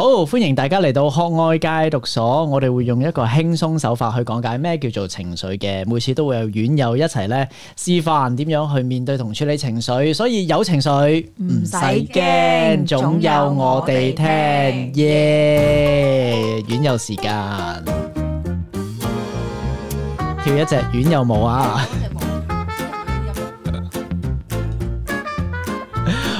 好，歡迎大家嚟到學愛戒毒所，我哋會用一個輕鬆手法去講解咩叫做情緒嘅，每次都會有院友一齊呢示範點樣去面對同處理情緒，所以有情緒唔使驚，總有我哋聽耶，院友時間跳一隻院友舞啊！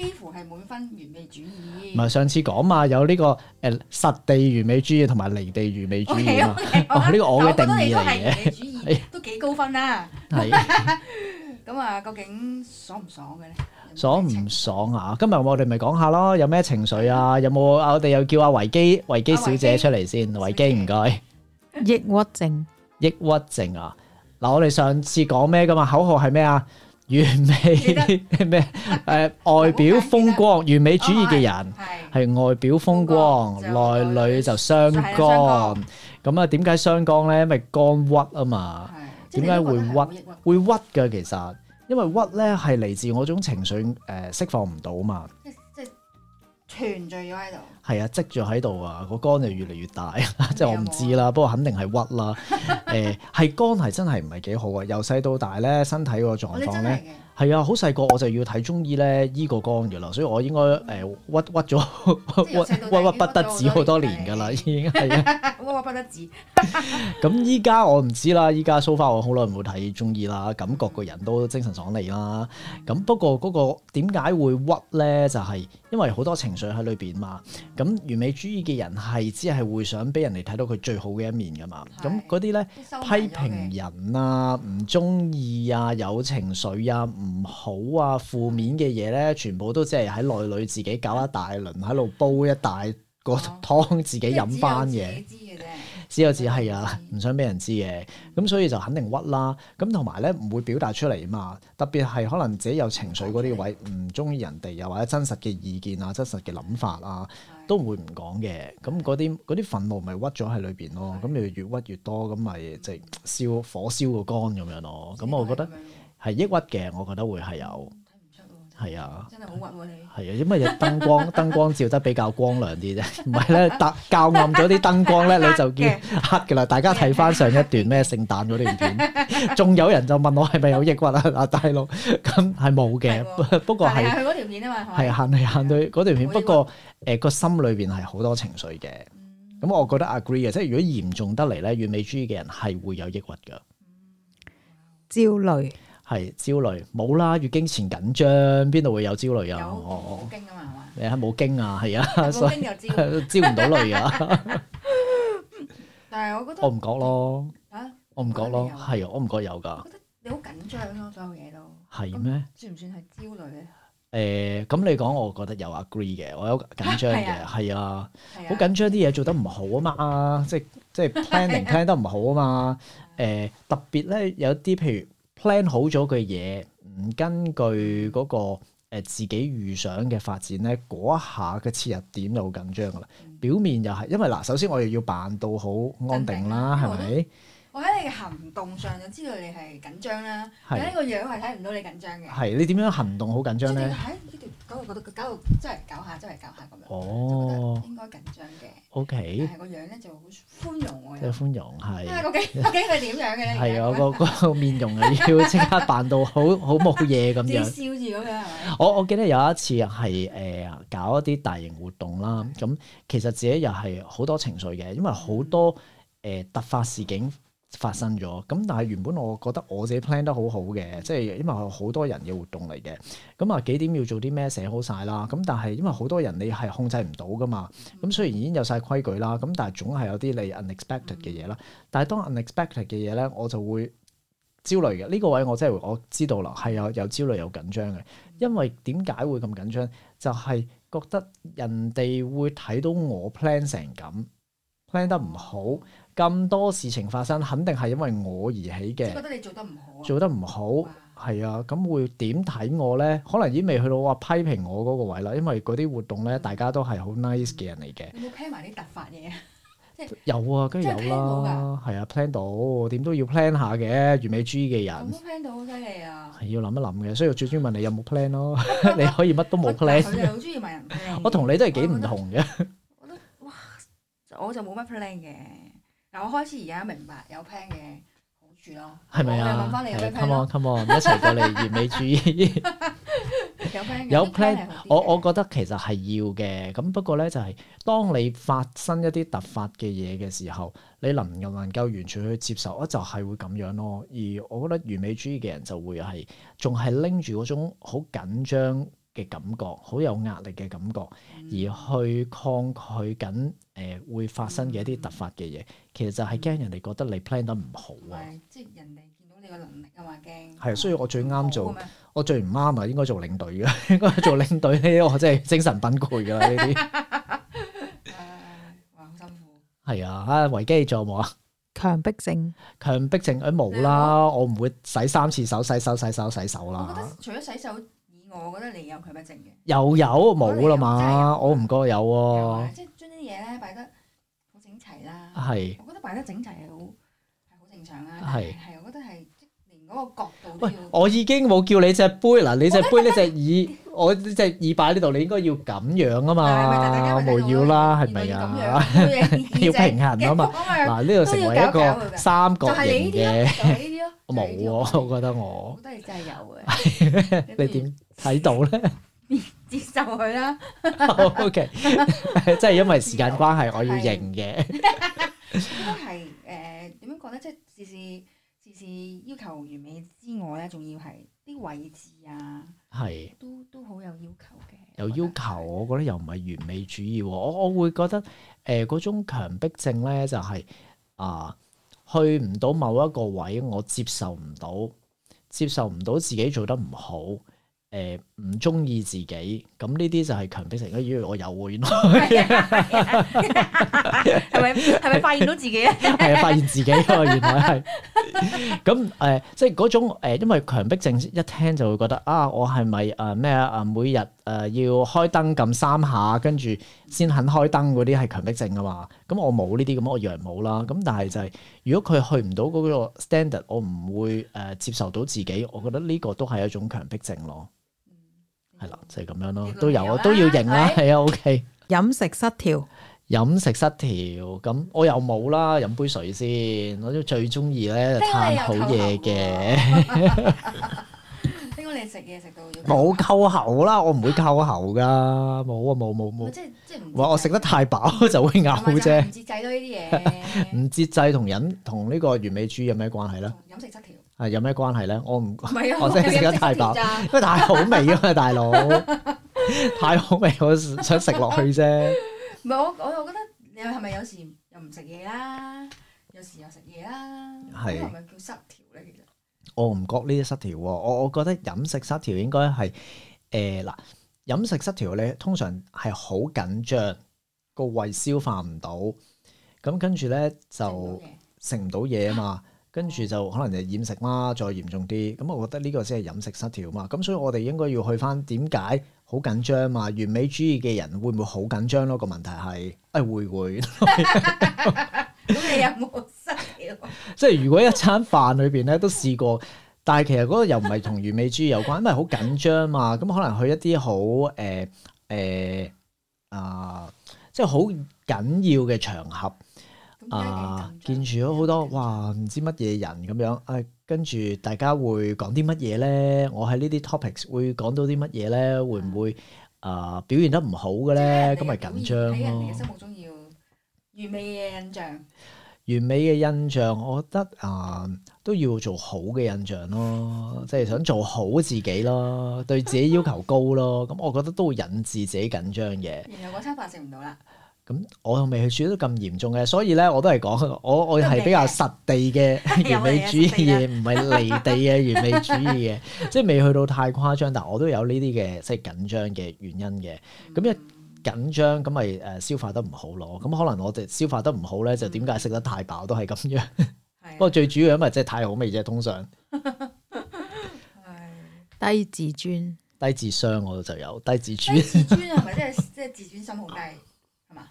幾乎係滿分完美主義。唔係上次講嘛，有呢個誒實地完美主義同埋離地完美主義嘛。哦，呢個我嘅定義嚟嘅。都幾高分啦。係。咁啊，究竟爽唔爽嘅咧？爽唔爽啊？今日我哋咪講下咯，有咩情緒啊？有冇我哋又叫阿維基、維基小姐出嚟先？維基唔該。抑鬱症。抑鬱症啊！嗱，我哋上次講咩㗎嘛？口號係咩啊？完美咩、 呃？誒外表風光， 完美主義嘅人係外表風光，風光內裏就傷肝。咁啊，點解傷肝咧？因為肝鬱啊嘛。點解的會鬱？鬱會鬱㗎，其實因為鬱咧係嚟自我種情緒誒、呃、釋放唔到嘛。全聚咗喺度，係啊，積住喺度啊，個肝就越嚟越大，什麼 即係我唔知啦，麼不過肯定係鬱啦。誒、 欸，係肝係真係唔係幾好啊！由細到大咧，身體個狀況咧，係啊，好細個我就要睇中醫咧，醫個肝嘅啦，所以我應該誒鬱鬱咗鬱鬱鬱不得志好多年噶啦，已經係鬱鬱不得志。咁依家我唔知啦，依家 so far 我好耐唔冇睇中醫啦，感覺個人都精神爽利啦。咁、嗯、不過嗰個點解會鬱咧？就係、是。因為好多情緒喺裏邊嘛，咁完美主義嘅人係只係會想俾人哋睇到佢最好嘅一面㗎嘛。咁嗰啲咧，批評人啊、唔中意啊、有情緒啊、唔好啊、負面嘅嘢咧，全部都只係喺內裏自己搞一大輪，喺度煲一大個湯自、哦，自己飲翻嘢。哦知有自己係啊，唔想俾人知嘅，咁所以就肯定屈啦。咁同埋咧，唔會表達出嚟啊嘛。特別係可能自己有情緒嗰啲位，唔中意人哋，又或者真實嘅意見啊、真實嘅諗法啊，都唔會唔講嘅。咁嗰啲嗰啲憤怒咪屈咗喺裏邊咯。咁你對 越屈越多，咁咪即係燒火燒個肝咁樣咯。咁我覺得係抑鬱嘅，我覺得會係有。係啊，真係好鬱喎你。係啊，因為有燈光 燈光照得比較光亮啲啫，唔係咧，得較暗咗啲燈光咧， 的你就見黑㗎啦。大家睇翻上一段咩聖誕嗰段片，仲有人就問我係咪有抑鬱啊？阿大佬，咁係冇嘅，的不過係佢嗰條片啊嘛，係。係行嚟行去嗰條片，不過誒個、呃、心裏邊係好多情緒嘅。咁我覺得 agree 嘅，即係如果嚴重得嚟咧，完美主義嘅人係會有抑鬱㗎。焦慮、嗯。係焦慮冇啦，月經前緊張，邊度會有焦慮啊？我驚啊嘛，嘛？你睇冇驚啊，係啊，所以焦唔到慮啊。但係我覺得我唔覺咯，我唔覺咯，係啊，我唔覺得有㗎。覺得你好緊張咯，所有嘢都係咩？算唔算係焦慮咧？誒，咁你講，我覺得有 agree 嘅，我有緊張嘅，係啊，好緊張啲嘢做得唔好啊嘛，即係即係 planning 聽得唔好啊嘛，誒特別咧有啲譬如。plan 好咗嘅嘢，唔根據嗰、嗰個、呃、自己預想嘅發展咧，嗰一下嘅切入點就好緊張噶啦。嗯、表面又係，因為嗱，首先我哋要扮到好安定啦，係咪？吧我喺你嘅行動上就知道你係緊張啦，而家呢是個樣係睇唔到你緊張嘅。係你點樣行動好緊張咧？嗰、那個覺得佢搞到真係搞下真係搞下咁樣，哦，就覺得應該緊張嘅。O Okay . K，但係個樣咧就好寬容即、啊、係寬容係。啊，我究竟佢點樣嘅咧？係啊，個個面容啊要即刻扮到 好好冇嘢咁樣。笑住咁樣係咪？我我記得有一次係誒、呃、搞一啲大型活動啦，咁是其實自己又係好多情緒嘅，因為好多誒突發事件。嗯嗯發生咗，咁但係原本我覺得我自己 plan 得好好嘅，即係因為好多人嘅活動嚟嘅，咁啊幾點要做啲咩寫好晒啦，咁但係因為好多人你係控制唔到噶嘛，咁雖然已經有晒規矩啦，咁但係總係有啲你 unexpected 嘅嘢啦。但係當 unexpected 嘅嘢咧，我就會焦慮嘅。呢個位我即係我知道啦，係有有焦慮有緊張嘅，因為點解會咁緊張？就係覺得人哋會睇到我 plan 成咁，plan 得唔好。咁多事情發生，肯定係因為我而起嘅。覺得你做得唔好，做得唔好，係啊，咁會點睇我咧？可能已經未去到話批評我嗰個位啦，因為嗰啲活動咧，大家都係好 nice 嘅人嚟嘅。有冇 plan 埋啲突發嘢啊？有啊，梗係有啦，係啊，plan 到，點都要 plan 下嘅，完美主義嘅人。我都 plan 到好犀利啊！係要諗一諗嘅，所以我最中意問你有冇 plan 咯。你可以乜都冇 plan。好中意問人。我同你都係幾唔同嘅。覺得哇，我就冇乜 plan 嘅。嗱，但我開始而家明白有 plan 嘅好處咯，係咪啊？come on come on，一齊過嚟完美主義。 有 plan，有 plan，我我覺得其實係要嘅，咁不過咧就係，當你發生一啲突發嘅嘢嘅時候，你能唔能夠完全去接受啊？就係會咁樣咯。而我覺得完美主義嘅人就會係，仲係拎住嗰種好緊張嘅感覺好有壓力嘅感覺，而去抗拒緊誒會發生嘅一啲突發嘅嘢，其實就係驚人哋覺得你 plan 得唔好啊！嗯、即係人哋見到你嘅能力啊嘛，驚係，所以我最啱做，我最唔啱啊！應該做領隊嘅， 應該做領隊呢？我真係精神崩潰㗎啦！呢啲、 呃，哇，好辛苦！係啊，啊，維基做冇啊？好好強迫症，強迫症，佢、啊、冇啦，嗯、我唔會洗三次洗手，洗手，洗手、洗手、洗手啦。除咗洗手。我覺得你有佢乜症嘅，又有冇啦嘛？我唔覺得有喎。即係將啲嘢咧擺得好整齊啦。係。我覺得擺得整齊係好係好正常啦。係係，我覺得係即連嗰個角度。喂，我已經冇叫你隻杯啦，你隻杯呢隻耳，我呢隻耳擺呢度，你應該要咁樣啊嘛，冇要啦，係咪啊？要平衡啊嘛，嗱，呢度成為一個三角形嘅。我冇喎，我覺得我，我覺得你真係有嘅， 你點睇到咧？你接受佢啦。 o Okay , K， 即係因為時間關係，我要認嘅、 就是。 都該係誒，點、呃、樣講咧？即係事事事事要求完美之外咧，仲要係啲位置啊，係是都都好有要求嘅。有要求，我覺，的我覺得又唔係完美主義。我我會覺得誒，嗰、呃、種強迫症咧、就是，就係啊。去唔到某一個位，我接受唔到，接受唔到自己做得唔好，誒唔中意自己，咁呢啲就係強迫症。咦、哎、我有喎、啊，原來係咪係咪發現到自己 啊？誒，發現自己喎、啊，原來係。咁誒，即係嗰種、呃、因為強迫症一聽就會覺得啊，我係咪啊咩啊？每日。誒要開燈撳三下，跟住先肯開燈嗰啲係強迫症啊嘛，咁我冇呢啲咁，我以為冇啦。咁但係就係如果佢去唔到嗰個 standard，我唔會誒接受到自己，我覺得呢個都係一種強迫症咯。係啦，就係咁樣咯，都有啊，都要認啦，係啊，OK。飲食失調，飲食失調，咁我又冇啦。飲杯水先，我最最中意咧，就嘆好嘢嘅。冇扣喉啦，我唔會扣喉㗎，冇啊冇冇冇。即即唔話我食得太飽就會嘔啫。唔節制到呢啲嘢。唔節制同飲同呢個完美主義有咩關係咧？飲食失調。係有咩關係咧？我唔我真係食得太飽，因為太好味啊嘛，大佬太好味，我想食落去啫。唔係我我又覺得你係咪有時又唔食嘢啦？有時又食嘢啦，咁係咪叫濕條我唔覺呢啲失調，我我覺得飲食失調應該係誒嗱，飲食失調咧通常係好緊張，個胃消化唔到，咁跟住咧就食唔到嘢啊嘛，跟住就可能就厭食啦，再嚴重啲，咁我覺得呢個先係飲食失調嘛，咁所以我哋應該要去返點解好緊張啊嘛，完美主義嘅人會唔會好緊張咯？個問題係誒會會。 即係如果一餐飯裏邊咧都試過，但係其實嗰個又唔係同完美主義有關， 因為好緊張嘛。咁、嗯、可能去一啲好誒誒啊，即係好緊要嘅場合啊，見住咗好多哇，唔知乜嘢人咁樣誒，跟住大家會講啲乜嘢咧？我喺呢啲 topics 會講到啲乜嘢咧？會唔會啊、呃、表現得唔好嘅咧？咁咪緊張咯。喺人哋嘅心目中要完美嘅印象。完美嘅印象，我覺得啊、呃、都要做好嘅印象咯，即係想做好自己咯， 對自己要求高咯，咁我覺得都會引致自己緊張嘅。然後嗰餐飯食唔到啦。咁我仲未去處得咁嚴重嘅，所以咧我都係講，我我係比較實地嘅完美主義嘅嘢，唔係離地嘅完美主義嘅， 即係未去到太誇張，但係我都有呢啲嘅即係緊張嘅原因嘅。咁又、嗯。緊張咁咪誒消化得唔好咯，咁可能我哋消化得唔好咧？嗯、就點解食得太飽都係咁樣？不過是、啊、最主要因為即係太好味啫，通常。低自尊、低智商我就有低自尊，自尊係咪即係即係自尊心好低係嘛？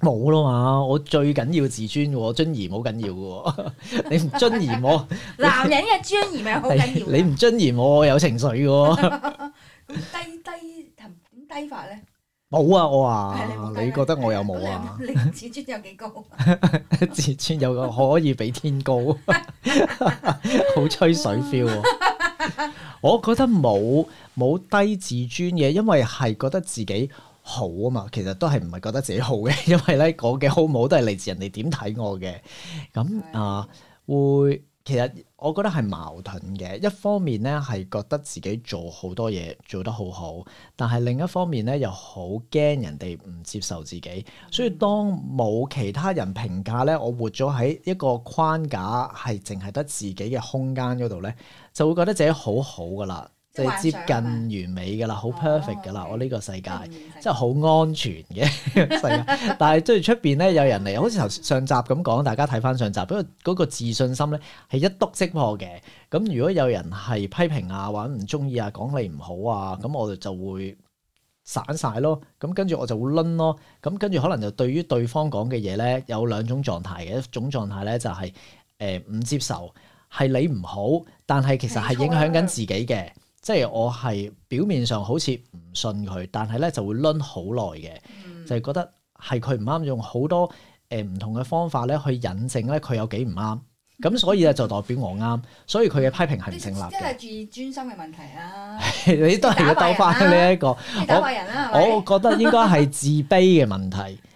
冇咯嘛，我最緊要自尊，尊嚴好緊要嘅。。 你唔尊嚴我，男人嘅尊嚴咪好緊要？你唔尊嚴我有情緒嘅。 冇啊！我話、嗯、你覺得我有冇啊？你 自尊有幾高？自尊有個可以比天高， 好吹水 feel、啊。 我覺得冇冇低自尊嘅，因為係覺得自己好啊嘛。其實都係唔係覺得自己好嘅，因為咧講嘅好唔好都係嚟自人哋點睇我嘅。咁啊、呃、會。其實我覺得係矛盾嘅，一方面咧係覺得自己做好多嘢做得好好，但係另一方面咧又好驚人哋唔接受自己，所以當冇其他人評價咧，我活咗喺一個框架係淨係得自己嘅空間嗰度咧，就會覺得自己好好㗎喇。最接近完美嘅啦，好 perfect 噶啦，哦、我呢個世界即係好安全嘅世界。白 但係跟住出邊咧，有人嚟，好似頭上集咁講，大家睇翻上集，不過嗰個自信心咧係一篤即破嘅。咁如果有人係批評啊，或者唔中意啊，講你唔好啊，咁我哋就，就會散晒咯。咁跟住我就會冧咯。咁跟住可能就對於對方講嘅嘢咧有兩種狀態嘅，一種狀態咧就係誒唔接受，係你唔好，但係其實係影響緊自己嘅。即係我係表面上好似唔信佢，但係咧就會掄好耐嘅，嗯、就係覺得係佢唔啱，用好多誒唔、呃、同嘅方法咧去引證咧佢有幾唔啱，咁、嗯、所以咧就代表我啱，所以佢嘅批評係唔成立嘅。呢係自尊心嘅問題啊！ 你都係要兜翻呢一個。啊、我我覺得應該係自卑嘅問題。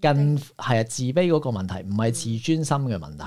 更係啊，自卑嗰個問題，唔係自尊心嘅問題，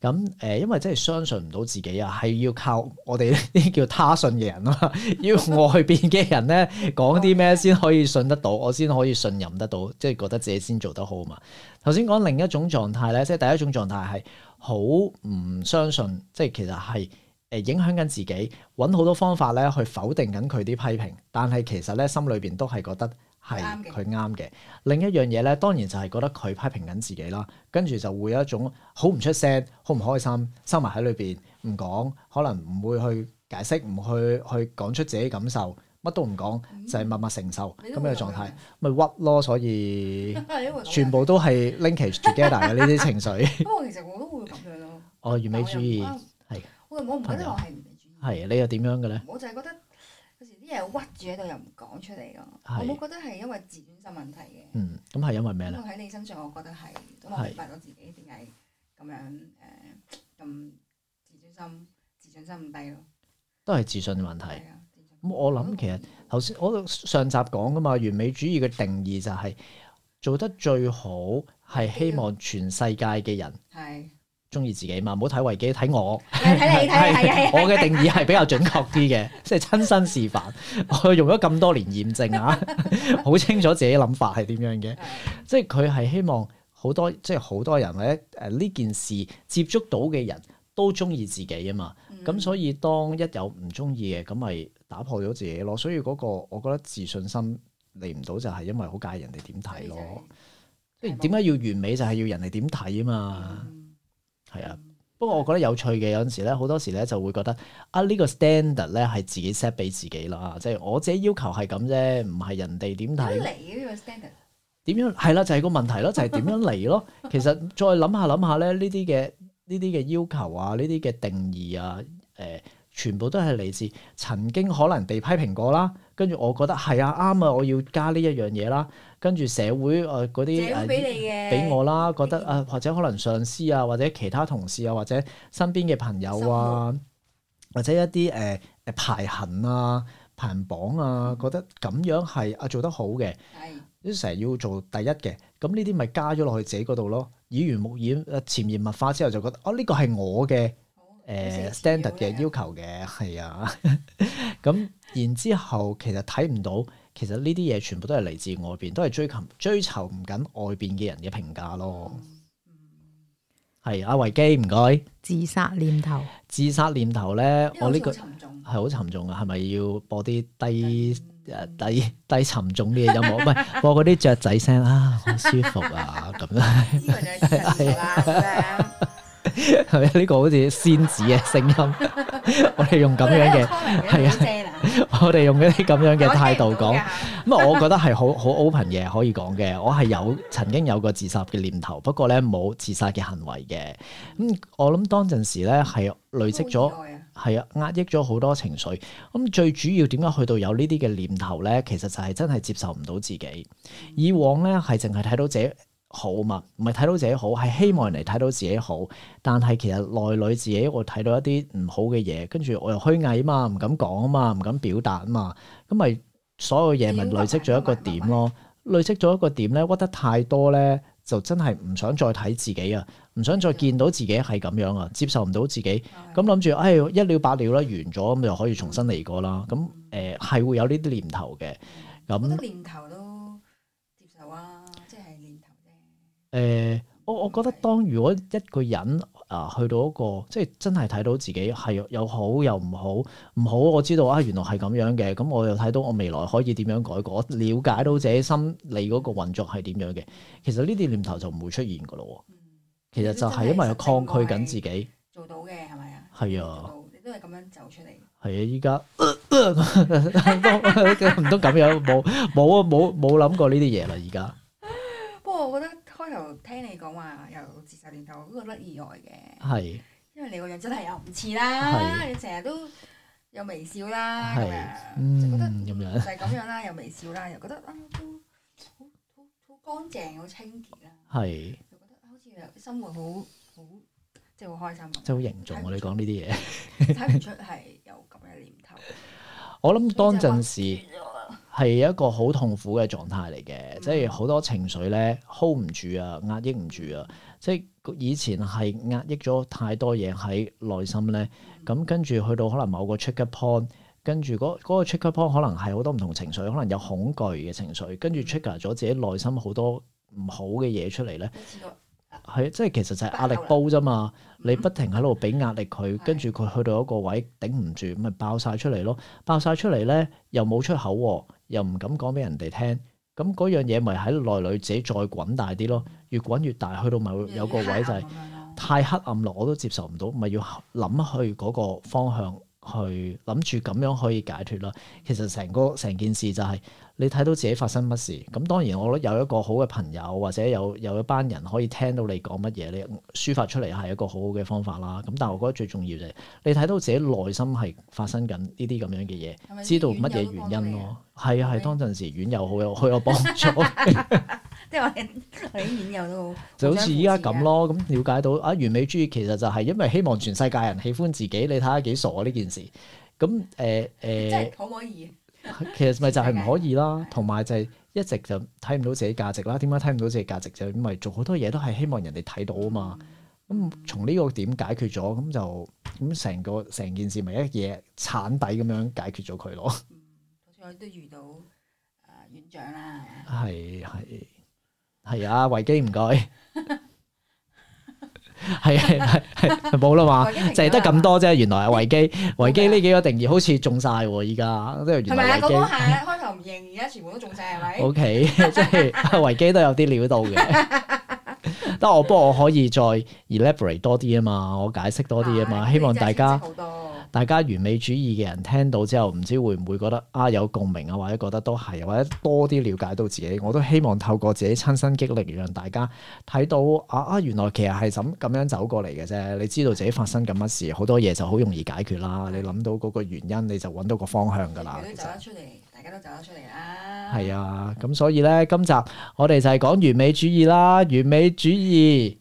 咁誒、嗯呃，因為真係相信唔到自己啊，係要靠我哋呢啲叫他信嘅人啊， 要外邊嘅人咧講啲咩先可以信得到，我先可以信任得到，即係覺得自己先做得好啊嘛。頭先講另一種狀態咧，即係第一種狀態係好唔相信，即係其實係誒影響緊自己，揾好多方法咧去否定緊佢啲批評，但係其實咧心裏邊都係覺得。係佢啱嘅，另一樣嘢咧，當然就係覺得佢批評緊自己啦，跟住就會有一種好唔出聲、好唔開心，收埋喺裏邊唔講，可能唔會去解釋，唔去去講出自己感受，乜都唔講，就係默默承受咁樣嘅狀態，咪屈咯，所以全部都係 linkage together 嘅呢啲情緒。不過其實我都會咁樣咯。哦，完美主義係。我我唔覺得我係完美主義。係你又點樣嘅咧？我就係覺得。又屈住喺度又唔講出嚟咯，我覺得係因為自尊心問題嘅。嗯，咁係因為咩咧？喺你身上，我覺得係都明白到自己點解咁樣誒咁、呃、自尊心、自信心咁低咯。都係自信問題。咁我諗其實頭先我上集講噶嘛，完美主義嘅定義就係、係、做得最好，係希望全世界嘅人。係。中意自己嘛？唔好睇維基，睇我，睇你睇。 是我嘅定義係比較準確啲嘅， 即係親身示範。我用咗咁多年驗證啊，好 清楚自己諗法係點樣嘅。的即係佢係希望好多，即係好多人咧誒呢件事接觸到嘅人都中意自己啊嘛。咁、嗯嗯、所以當一有唔中意嘅，咁咪打破咗自己咯。所以嗰個我覺得自信心嚟唔到，就係、是、因為好介意人哋點睇咯。即係點解要完美就要、啊？就係要人哋點睇啊嘛。 係啊，嗯、不過我覺得有趣嘅，有陣時咧，好多時咧就會覺得啊呢、呢個 standard 咧係自己 set 俾自己啦，即係、就是、我自己要求係咁啫，唔係人哋點睇？點嚟呢個 standard？點樣係啦，就係、是、個問題咯，就係、是、點樣嚟咯？其實再諗下諗下咧，呢啲嘅呢啲嘅要求啊，呢啲嘅定義啊，誒、呃，全部都係嚟自曾經可能被批評過啦，跟住我覺得係啊啱啊，我要加呢一樣嘢啦。跟住社會誒嗰啲，社、呃、俾你嘅俾、啊、我啦，覺得啊，或者可能上司啊，或者其他同事啊，或者身邊嘅朋友啊，苦或者一啲誒誒排行啊、排行榜啊，覺得咁樣係啊做得好嘅，都成日要做第一嘅，咁呢啲咪加咗落去自己嗰度咯。耳濡目染誒潛移默化之後，就覺得啊呢個係我嘅誒 standard 嘅要求嘅，係啊。咁 然之後其實睇唔到。其實呢啲嘢全部都係嚟自外邊，都係追求追求唔緊外邊嘅人嘅評價咯。係阿維基，唔該。自殺念頭，自殺念頭咧，我呢個係好沉重噶，係咪要播啲低誒低低沉重啲嘅音樂？唔係播嗰啲雀仔聲啦，好舒服啊，咁樣係係係咪呢個好似仙子嘅聲音，我哋用咁樣嘅係啊。 我哋用嗰啲咁樣嘅態度講，咁啊， 我覺得係好好 open 嘅，可以講嘅。我係有曾經有過自殺嘅念頭，不過咧冇自殺嘅行為嘅。咁、嗯、我諗當陣時咧係累積咗，係、啊、壓抑咗好多情緒。咁、嗯、最主要點解去到有呢啲嘅念頭咧？其實就係真係接受唔到自己。以往咧係淨係睇到自己，好嘛，唔係睇到自己好，係希望人哋睇到自己好。但係其實內裏自己我睇到一啲唔好嘅嘢，跟住我又虛偽啊嘛，唔敢講啊嘛，唔敢表達啊嘛，咁咪所有嘢咪累積咗一個點咯。累積咗一個點咧，屈得太多咧，就真係唔想再睇自己啊，唔想再見到自己係咁樣啊，接受唔到自己。咁諗住，哎，一了百了啦，完咗咁就可以重新嚟過啦。咁誒、係、呃、會有呢啲念頭嘅。咁念頭都。誒、呃，我我覺得當如果一個人啊去到一個即係真係睇到自己係又好又唔好，唔好我知道啊，原來係咁樣嘅，咁我又睇到我未來可以點樣改過，我了解到自己心理嗰個運作係點樣嘅，其實呢啲念頭就唔會出現噶咯。嗯，其實就係因為有抗拒緊自己，嗯、真係真係做到嘅係咪啊？係啊，你都係咁樣走出嚟。係啊，依家唔都咁樣，冇冇啊，冇冇諗過呢啲嘢啦，而家。講話又自殺念頭嗰個都覺得意外嘅，因為你個樣真係又唔似啦，你成日都有微笑啦咁樣，就係咁樣啦，又微笑啦，的覺又覺得啊都好好好乾淨，好清潔啦，又的覺得好似生活好好，即係好開心，即係好凝重。我哋講呢啲嘢，睇唔的 出係有咁嘅念頭。 我諗當陣時，係一個好痛苦嘅狀態嚟嘅，即係好多情緒咧 hold 唔住啊，壓抑唔住啊，即係以前係壓抑咗太多嘢喺內心咧，咁、嗯、跟住去到可能某個 trigger point，跟住嗰嗰個 trigger point 可能係好多唔同情緒，可能有恐懼嘅情緒，跟住 trigger 咗自己內心好多唔好嘅嘢出嚟咧。係啊、嗯，即係其實就係壓力煲啫嘛，嗯、你不停喺度俾壓力佢，跟住佢去到一個位頂唔住，咪爆晒出嚟咯，爆晒出嚟咧又冇出口、啊。又唔敢講俾人哋聽，咁嗰樣嘢咪喺內裏自己再滾大啲咯，越滾越大，去到咪會有個位就係太黑暗咯，我都接受唔到，咪要諗去嗰個方向去諗住咁樣可以解決咯。其實成個成件事就係、是。你睇到自己發生乜事？咁當然，我覺得有一個好嘅朋友，或者有有一班人可以聽到你講乜嘢，你抒發出嚟係一個好好嘅方法啦。咁但係我覺得最重要就係你睇到自己內心係發生緊呢啲咁樣嘅嘢，是不是知道乜嘢原因咯。係啊，係當陣時，院友好有好有幫助。即係我哋我啲院友都就好似依家咁咯。咁了 解到啊，完美主義其實就係因為希望全世界人喜歡自己。你睇下幾傻啊呢件事？咁誒誒，呃、可唔可以？其實咪就係唔可以啦，同埋 就係一直就睇唔到自己價值啦。點解睇唔到自己價值就係因為做好多嘢都係希望人哋睇到啊嘛。咁從呢個點解決咗，咁就咁成個成件事咪一嘢鏟底咁樣解決咗佢咯。嗯，好似我都遇到啊、呃、院長啦，係係係啊，維基唔該。 係係係冇啦嘛，淨係得咁多啫。原來維基維基呢幾個定義好似中晒依家，即係原來維基。係咪啊？嗰開頭唔認，而家全部都中晒係咪？OK，即係維基都有啲料到嘅。得 我不過我可以再 elaborate 多啲啊嘛，我解釋多啲啊嘛， 希望大家。大家完美主義嘅人聽到之後，唔知會唔會覺得啊有共鳴啊，或者覺得都係，或者多啲了解到自己。我都希望透過自己親身經歷，讓大家睇到啊，啊，原來其實係咁咁樣走過嚟嘅啫。你知道自己發生緊乜事，好多嘢就好容易解決啦。你諗到嗰個原因，你就揾到個方向㗎啦。出嚟，大家都走得出嚟啦。係啊，咁所以咧，今集我哋就係講完美主義啦，完美主義。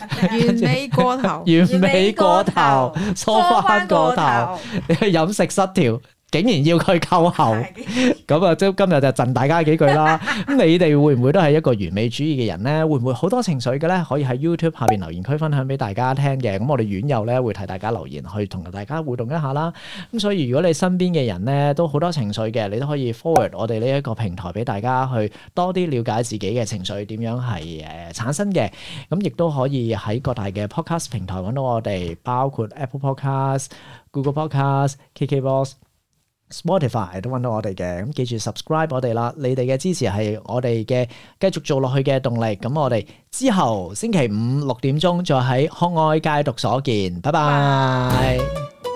完美過頭，完美過頭，梳翻過頭，你係飲食失調。竟然要佢扣喉，咁啊，即今日就贈大家幾句啦。咁 你哋會唔會都係一個完美主義嘅人呢？會唔會好多情緒嘅呢？可以喺 YouTube 下邊留言區分享俾大家聽嘅。咁我哋院友呢，會替大家留言去同大家互動一下啦。咁所以如果你身邊嘅人呢，都好多情緒嘅，你都可以 forward 我哋呢一個平台俾大家去多啲了解自己嘅情緒點樣係誒、呃、產生嘅。咁亦都可以喺各大嘅 Podcast 平台揾到我哋，包括 Apple Podcast、Google Podcast、KKBox Spotify 都揾到我哋嘅，咁記住 subscribe 我哋啦！你哋嘅支持係我哋嘅繼續做落去嘅動力。咁我哋之後星期五六點鐘再喺康愛街讀所見，拜拜。Bye.